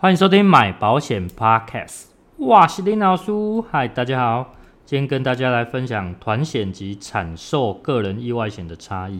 歡迎收聽買保險 Podcast，哇，是林老師，嗨，大家好，今天跟大家來分享團險及產壽個人意外險的差異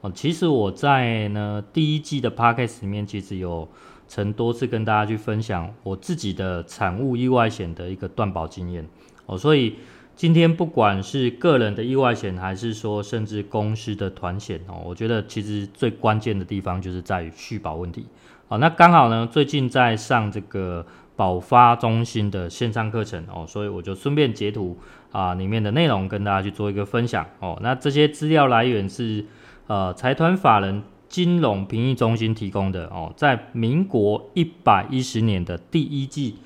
哦。其實我在呢第一季的 Podcast 裡面，其實有曾多次跟大家去分享我自己的產物意外險的一個斷保經驗哦。所以今天不管是個人的意外險，還是說甚至公司的團險哦，我覺得其實最關鍵的地方就是在於續保問題。好、哦，那剛好呢，最近在上這個保發中心的線上課程哦，所以我就順便截圖啊、呃、裡面的內容跟大家去做一個分享哦。那這些資料來源是呃財團法人金融評議中心提供的哦，在民國一百一十年的第一季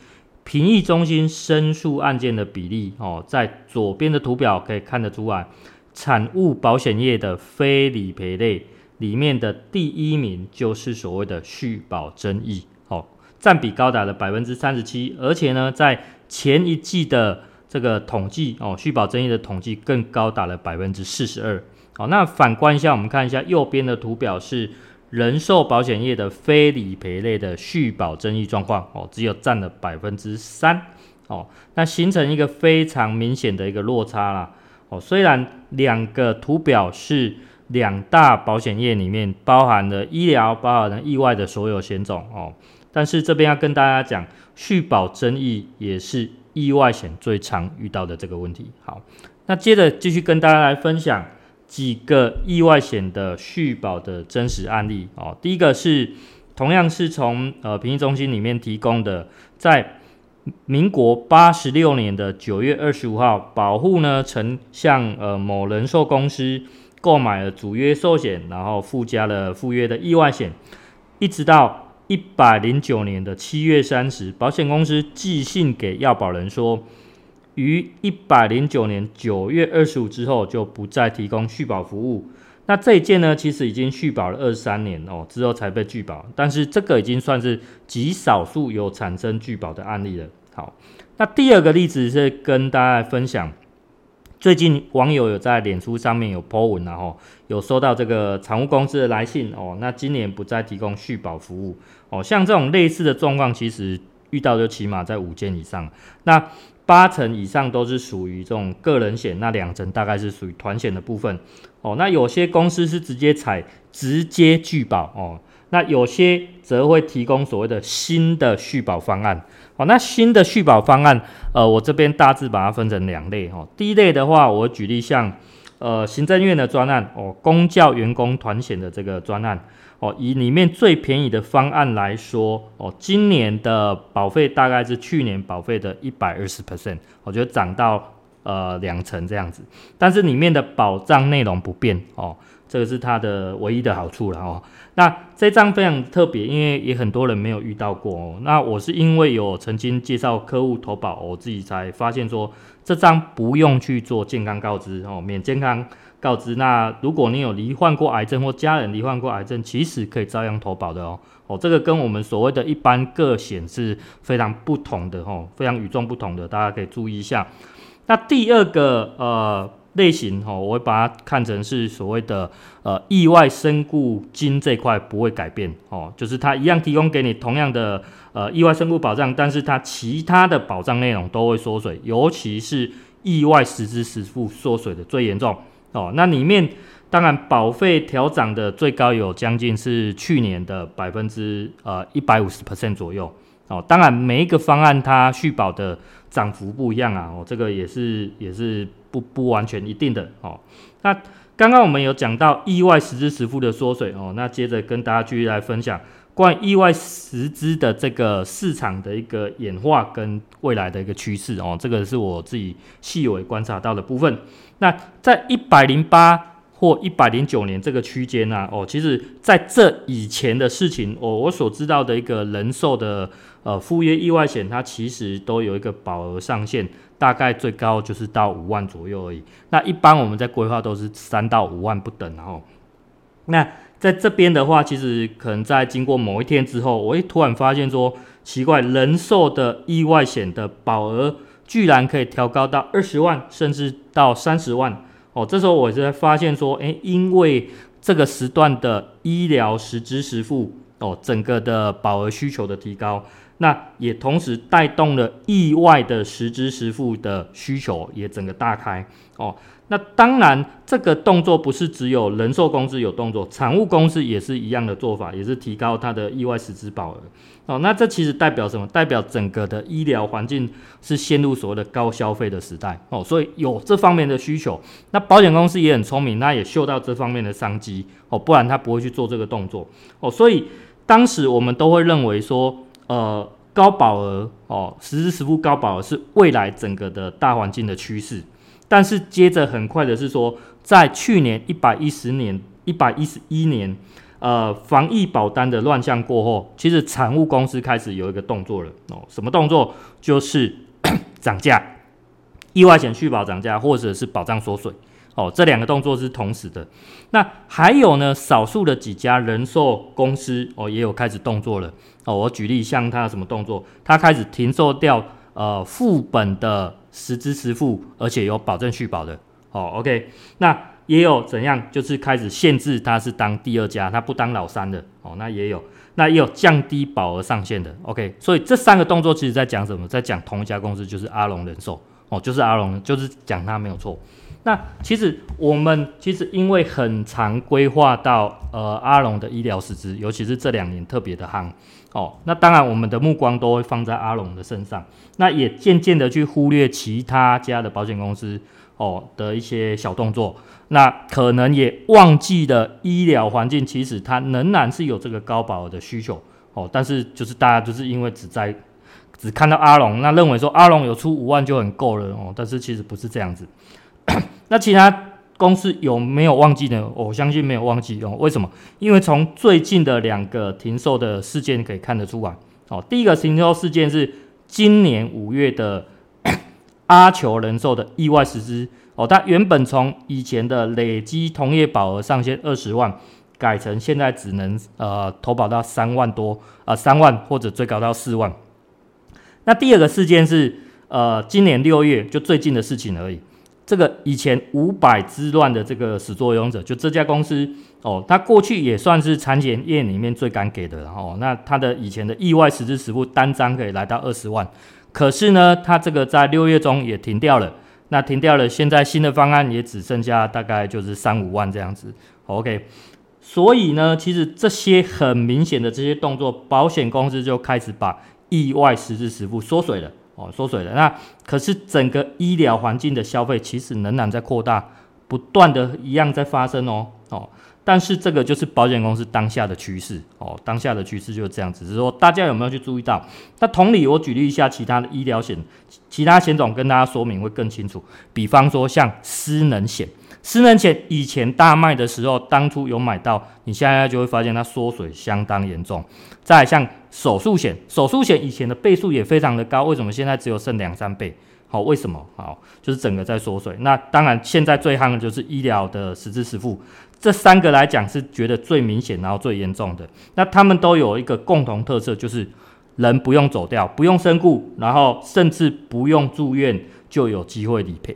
評議中心申訴案件的比例哦，在左邊的圖表可以看得出來，產物保險業的非理賠類。裡面的第一名就是所謂的續保爭議，哦，占比高達了百分之三十七，而且呢，在前一季的這個統計，哦，續保爭議的統計更高達了百分之四十二，哦，那反觀一下，我們看一下右邊的圖表是人壽保險業的非理賠類的續保爭議狀況，哦，只有占了百分之三，哦，那形成一個非常明顯的一個落差啦。哦，雖然兩個圖表是。兩大保險業裡面包含了醫療，包含了意外的所有險種哦。但是這邊要跟大家講，續保爭議也是意外險最常遇到的這個問題。好，那接着繼續跟大家來分享幾個意外險的續保的真實案例哦。第一個是同樣是從呃評議中心裡面提供的，在民國八十六年的九月二十五號，保戶呢曾向呃某人壽公司。購買了主約壽險，然後附加了附約的意外險，一直到一百零九年的七月三十，保險公司寄信給要保人說，於一百零九年九月二十五之後就不再提供續保服務。那這一件呢，其實已經續保了二十三年哦，之後才被拒保。但是這個已經算是極少數有產生拒保的案例了。好，那第二個例子是跟大家分享。最近網友有在臉書上面有 po 文了，啊、吼、哦，有收到這個產物公司的來信哦，那今年不再提供續保服務哦，像這種類似的狀況，其實遇到就起碼在五件以上，那八成以上都是屬於這種個人險，那兩成大概是屬於團險的部分哦，那有些公司是直接採直接拒保哦。那有些則會提供所謂的新的續保方案，哦，那新的續保方案，呃，我這邊大致把它分成兩類，哈、哦，第一類的話，我舉例像，呃，行政院的專案，哦，公教員工團險的這個專案，哦，以裡面最便宜的方案來說，哦，今年的保費大概是去年保費的一百二十 percent，我覺得漲到，呃，兩層這樣子，但是裡面的保障內容不變哦，這個是它的唯一的好處了哦。那這張非常特別，因為也很多人沒有遇到過哦。那我是因為有曾經介紹客戶投保，哦，我自己才發現說這張不用去做健康告知哦，免健康告知。那如果你有罹患過癌症或家人罹患過癌症，其實可以照樣投保的哦。哦，這個跟我們所謂的一般個險是非常不同的哦，非常與眾不同的，大家可以注意一下。那第二個，呃類型哦，我會把它看成是所謂的呃意外身故金這塊不會改變哦，就是它一樣提供給你同樣的呃意外身故保障，但是它其他的保障內容都會縮水，尤其是意外實支實付縮水的最嚴重哦。那裡面當然保費調漲的最高，有將近是去年的百分之呃一百五十 percent 左右哦。當然每一個方案它續保的，漲幅不一樣啊，我這個也是也是不不完全一定的哦。那剛剛我們有講到意外實支實付的縮水哦，那接着跟大家繼續來分享關於意外實支的這個市場的一個演化跟未來的一個趨勢哦，這個是我自己細微觀察到的部分。那在一百零八或一百零九年這個區間呢、啊，哦，其實在這以前的事情，我、哦、我所知道的一個人壽的。呃，附約意外險它其實都有一個保額上限，大概最高就是到五萬左右而已。那一般我們在規劃都是三到五萬不等，哦，然後那在這邊的話，其實可能在經過某一天之後，我會突然發現說，奇怪，人壽的意外險的保額居然可以調高到二十萬，甚至到三十萬。哦，這時候我就會發現說，誒、欸，因為這個時段的醫療實支實付，哦，整個的保額需求的提高。那也同時帶動了意外的實支實付的需求也整個大開哦。那當然，這個動作不是只有人壽公司有動作，產物公司也是一樣的做法，也是提高它的意外實支保額哦。那這其實代表什麼？代表整個的醫療環境是陷入所謂的高消費的時代哦。所以有這方面的需求，那保險公司也很聰明，那也嗅到這方面的商機哦，不然他不會去做這個動作哦。所以當時我們都會認為說。呃，高保額哦，實支實付高保額是未來整個的大環境的趨勢。但是接着很快的是說，在去年一百一十年、一百一十一年，呃，防疫保單的亂象過後，其實產物公司開始有一個動作了哦，什麼動作？就是 漲價，意外險續保漲價，或者是保障縮水。哦，這兩個動作是同時的。那還有呢？少數的幾家人壽公司哦，也有開始動作了。哦，我舉例像他什麼動作？他開始停售掉呃副本的實支實付，而且有保證續保的。哦，OK。那也有怎樣？就是開始限制他是當第二家，他不當老三的。哦，那也有，那也有降低保額上限的。OK。所以這三個動作其實在講什麼？在講同一家公司，就是阿龍人壽。哦，就是阿龍，就是講他沒有錯。那其實我們其實因為很常規劃到呃阿龍的醫療實支，尤其是這兩年特別的夯。哦，那當然我們的目光都會放在阿龍的身上，那也漸漸的去忽略其他家的保險公司哦的一些小動作。那可能也忘記了醫療環境其實它仍然是有這個高保額的需求。哦，但是就是大家就是因為只在只看到阿龍，那認為說阿龍有出五萬就很夠了哦，但是其實不是這樣子。 那其他公司有沒有忘記呢？哦、我相信沒有忘記哦。為什麼？因為從最近的兩個停售的事件可以看得出來哦。第一個停售事件是今年五月的阿球人壽的意外實支哦，它原本從以前的累積同業保額上限二十萬，改成現在只能呃投保到三萬多啊，呃、三萬或者最高到四萬。那第二個事件是，呃，今年六月就最近的事情而已。這個以前五百之亂的這個始作俑者，就這家公司哦，它過去也算是產險業裡面最敢給的了哦。那它的以前的意外實支實付單張可以來到二十萬，可是呢，它這個在六月中也停掉了。那停掉了，現在新的方案也只剩下大概就是三五萬這樣子。哦、OK，所以呢，其實這些很明顯的這些動作，保險公司就開始把意外實支實付縮水了哦，縮水了。那可是整個醫療環境的消費其實仍然在擴大，不斷的一樣在發生哦哦。但是這個就是保險公司當下的趨勢哦，當下的趨勢就是這樣子。只是說大家有沒有去注意到？那同理，我舉例一下其他的醫療險，其他險種跟大家說明會更清楚。比方說像失能險，失能險以前大賣的時候，當初有買到，你現在就會發現它縮水相當嚴重。再來像手術險，手術險以前的倍數也非常的高，為什麼現在只有剩兩三倍？好、哦，為什麼？好、哦，就是整個在縮水。那當然，現在最夯的就是醫療的實支實付，這三個來講是覺得最明顯，然後最嚴重的。那他們都有一個共同特色，就是人不用走掉，不用身故，然後甚至不用住院就有機會理賠。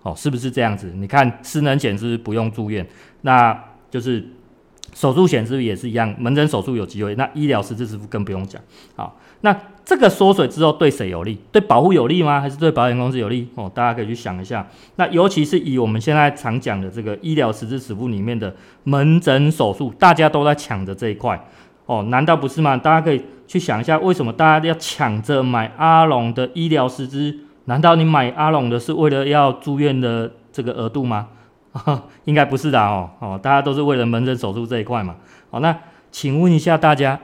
好、哦，是不是這樣子？你看，失能險是不是不用住院，那就是。手術險是不是也是一樣？門診手術有機會，那醫療實支實付更不用講。好，那這個縮水之後對誰有利？對保戶有利嗎？還是對保險公司有利？哦，大家可以去想一下。那尤其是以我們現在常講的這個醫療實支實付裡面的門診手術，大家都在搶着這一塊。哦，難道不是嗎？大家可以去想一下，為什麼大家要搶着買阿龍的醫療實支？難道你買阿龍的是為了要住院的這個額度嗎？應該不是的哦哦，大家都是為了門診手術這一塊嘛。好，那請問一下大家，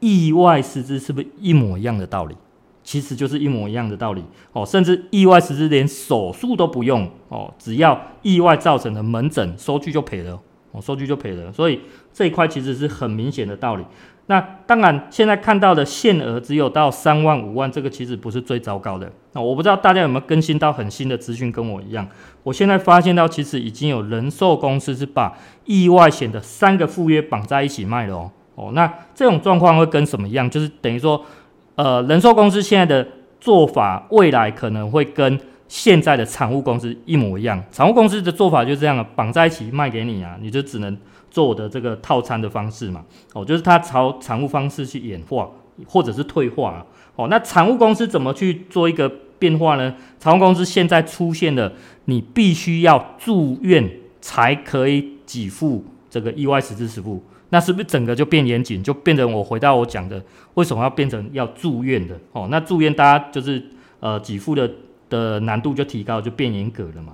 意外實支是不是一模一樣的道理？其實就是一模一樣的道理哦，甚至意外實支連手術都不用哦，只要意外造成的門診收據就賠了，哦，收據就賠了，了，所以這一塊其實是很明顯的道理。那當然，現在看到的限額只有到三萬五萬，這個其實不是最糟糕的。那我不知道大家有沒有更新到很新的資訊，跟我一樣。我現在發現到，其實已經有人壽公司是把意外險的三個附約綁在一起賣了哦。哦，那這種狀況會跟什麼一樣？就是等於說，呃，人壽公司現在的做法，未來可能會跟。現在的產物公司一模一樣，產物公司的做法就是這樣了，綁在一起賣給你啊，你就只能做我的這個套餐的方式嘛。哦，就是它朝產物方式去演化，或者是退化啊。哦，那產物公司怎麼去做一個變化呢？產物公司現在出現了，你必須要住院才可以給付這個意外實支實付，那是不是整個就變嚴謹，就變成我回到我講的，為什麼要變成要住院的？哦，那住院大家就是呃給付的，的難度就提高，就變嚴格了嘛，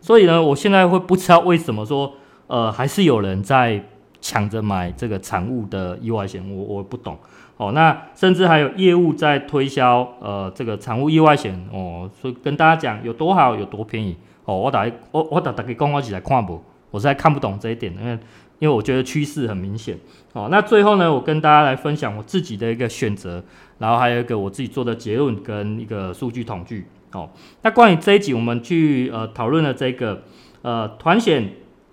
所以呢，我現在會不知道為什麼說，呃，還是有人在搶着買這個產物的意外險，我我不懂，哦，那甚至還有業務在推銷，呃，這個產物意外險，哦，所以跟大家講有多好，有多便宜，哦，我打我我打大家光光起來看不，我實在看，看不懂這一點，因為因為我覺得趨勢很明顯，哦，那最後呢，我跟大家來分享我自己的一個選擇，然後還有一個我自己做的結論跟一個數據統計。好、哦，那關於這一集我們去呃討論了這個呃團險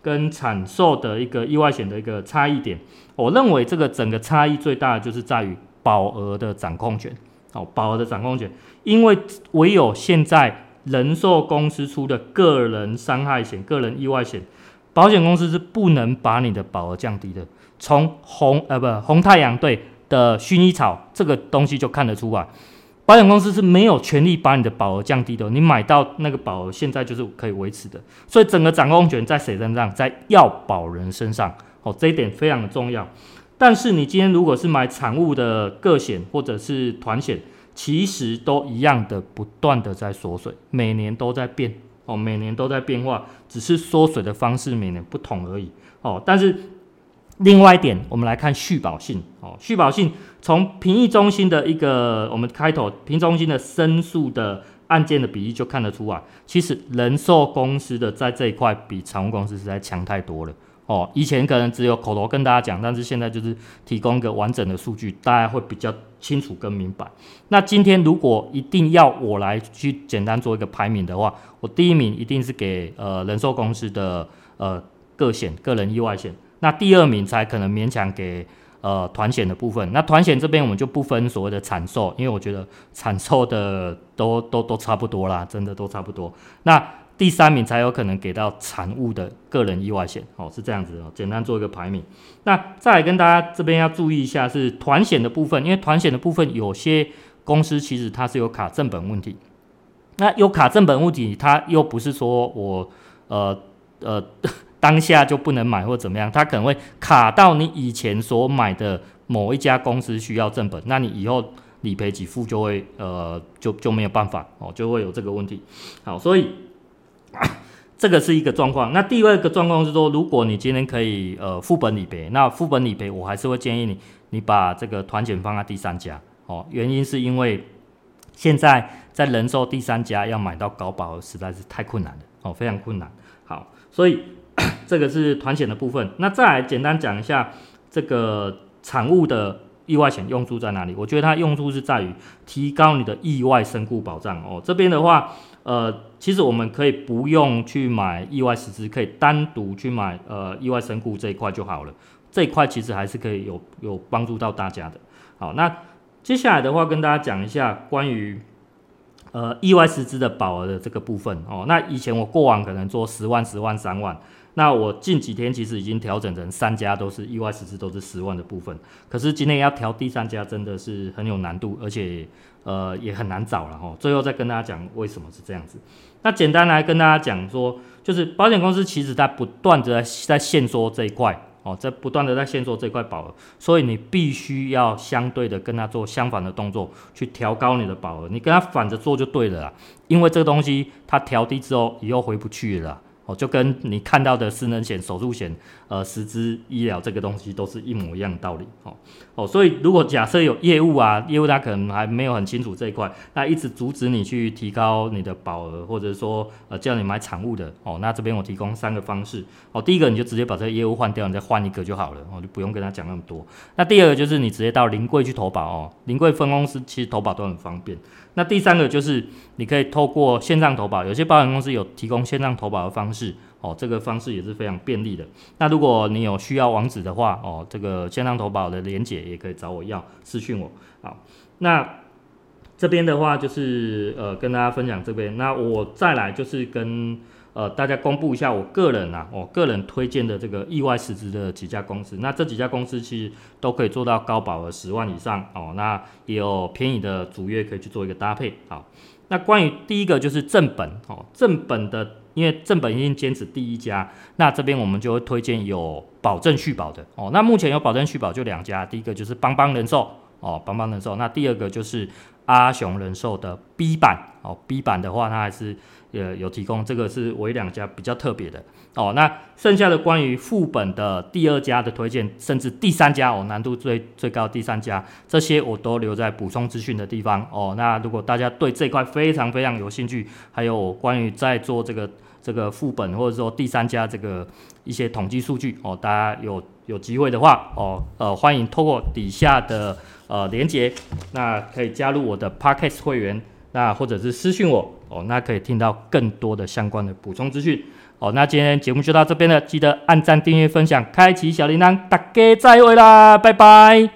跟產壽的一個意外險的一個差異點，我認為這個整個差異最大的就是在於保額的掌控權。好、哦，保額的掌控權，因為唯有現在人壽公司出的個人傷害險、個人意外險，保險公司是不能把你的保額降低的。從紅呃不紅太陽隊的薰衣草這個東西就看得出來。保險公司是沒有權利把你的保額降低的，你買到那個保額現在就是可以維持的，所以整個掌控權在誰身上？在要保人身上。哦，這一點非常的重要。但是你今天如果是買產物的個險或者是團險，其實都一樣的，不斷的在縮水，每年都在變。哦，每年都在變化，只是縮水的方式每年不同而已。哦，但是。另外一點，我們來看續保性哦。續保性從評議中心的一個我們開頭評中心的申訴的案件的比例就看得出來。其實人壽公司的在這一塊比產物公司實在強太多了哦。以前可能只有口頭跟大家講，但是現在就是提供一個完整的數據，大家會比較清楚跟明白。那今天如果一定要我來去簡單做一個排名的話，我第一名一定是給呃人壽公司的呃個險、個人意外險。那第二名才可能勉強給呃團險的部分，那團險這邊我們就不分所謂的產壽，因為我覺得產壽的都都都差不多啦，真的都差不多。那第三名才有可能給到產物的個人意外險，哦是這樣子哦，簡單做一個排名。那再來跟大家這邊要注意一下是團險的部分，因為團險的部分有些公司其實它是有卡正本問題，那有卡正本問題，它又不是說我呃呃。呃當下就不能買或怎麼樣，他可能會卡到你以前所買的某一家公司需要正本，那你以後理賠給付就會呃，就就沒有辦法哦、喔，就會有這個問題。好，所以、啊、這個是一個狀況。那第二個狀況是說，如果你今天可以呃副本理賠，那副本理賠我還是會建議你，你把這個團險放在第三家哦、喔，原因是因為現在在人壽第三家要買到高保額實在是太困難了哦、喔，非常困難。好，所以。這個是團險的部分，那再來簡單講一下這個產物的意外險用處在哪裡？我覺得它用處是在於提高你的意外身故保障哦。這邊的話，呃，其實我們可以不用去買意外實支，可以單獨去買呃意外身故這一塊就好了。這一塊其實還是可以有有幫助到大家的。好，那接下來的話跟大家講一下關於呃意外實支的保額的這個部分哦。那以前我過往可能做十萬、十萬、三萬。那我近幾天其實已經調整成三家都是意外損失都是十萬的部分，可是今天要調第三家真的是很有難度，而且呃也很難找了哈。最後再跟大家講為什麼是這樣子。那簡單來跟大家講說，就是保險公司其實它不斷的在在限縮這一塊哦，在不斷的在限縮這塊保額，所以你必須要相對的跟他做相反的動作，去調高你的保額，你跟他反着做就對了啦，因為這個東西它調低之後以後回不去了。哦，就跟你看到的失能險、手術險、呃，實支醫療這個東西都是一模一樣的道理。哦哦，所以如果假設有業務啊，業務他可能還沒有很清楚這一塊，那一直阻止你去提高你的保額，或者說呃叫你買產物的，哦，那這邊我提供三個方式。哦，第一個你就直接把這個業務換掉，你再換一個就好了，哦，就不用跟他講那麼多。那第二個就是你直接到臨櫃去投保哦，臨櫃分公司其實投保都很方便。那第三個就是你可以透過線上投保，有些保險公司有提供線上投保的方式。是哦，這個方式也是非常便利的。那如果你有需要網址的話哦，這個線上投保的連結也可以找我要，私訊我。好，那這邊的話就是呃，跟大家分享這邊。那我再來就是跟呃大家公布一下我個人啊，我、哦、個人推薦的這個意外實支的幾家公司。那這幾家公司其實都可以做到高保額十萬以上哦。那也有便宜的主約可以去做一個搭配。好，那關於第一個就是正本哦，正本的。因為正本一定堅持第一家，那這邊我們就會推薦有保證續保的哦。那目前有保證續保就兩家，第一個就是邦邦人壽哦，邦邦人壽。那第二個就是阿雄人壽的 B 版哦，B 版的話它還是呃有提供，這個是有兩家比較特別的哦。那剩下的關於副本的第二家的推薦，甚至第三家哦，難度最最高第三家這些我都留在補充資訊的地方哦。那如果大家對這塊非常非常有興趣，還有關於在做這個。這個副本或者說第三家這個一些統計數據哦，大家有有機會的話哦，呃，歡迎透過底下的呃連結，那可以加入我的 podcast 會員，那或者是私訊我哦，那可以聽到更多的相關的補充資訊哦。那今天節目就到這邊了，記得按讚、訂閱、分享、開啟小鈴鐺，大家再會啦，拜拜。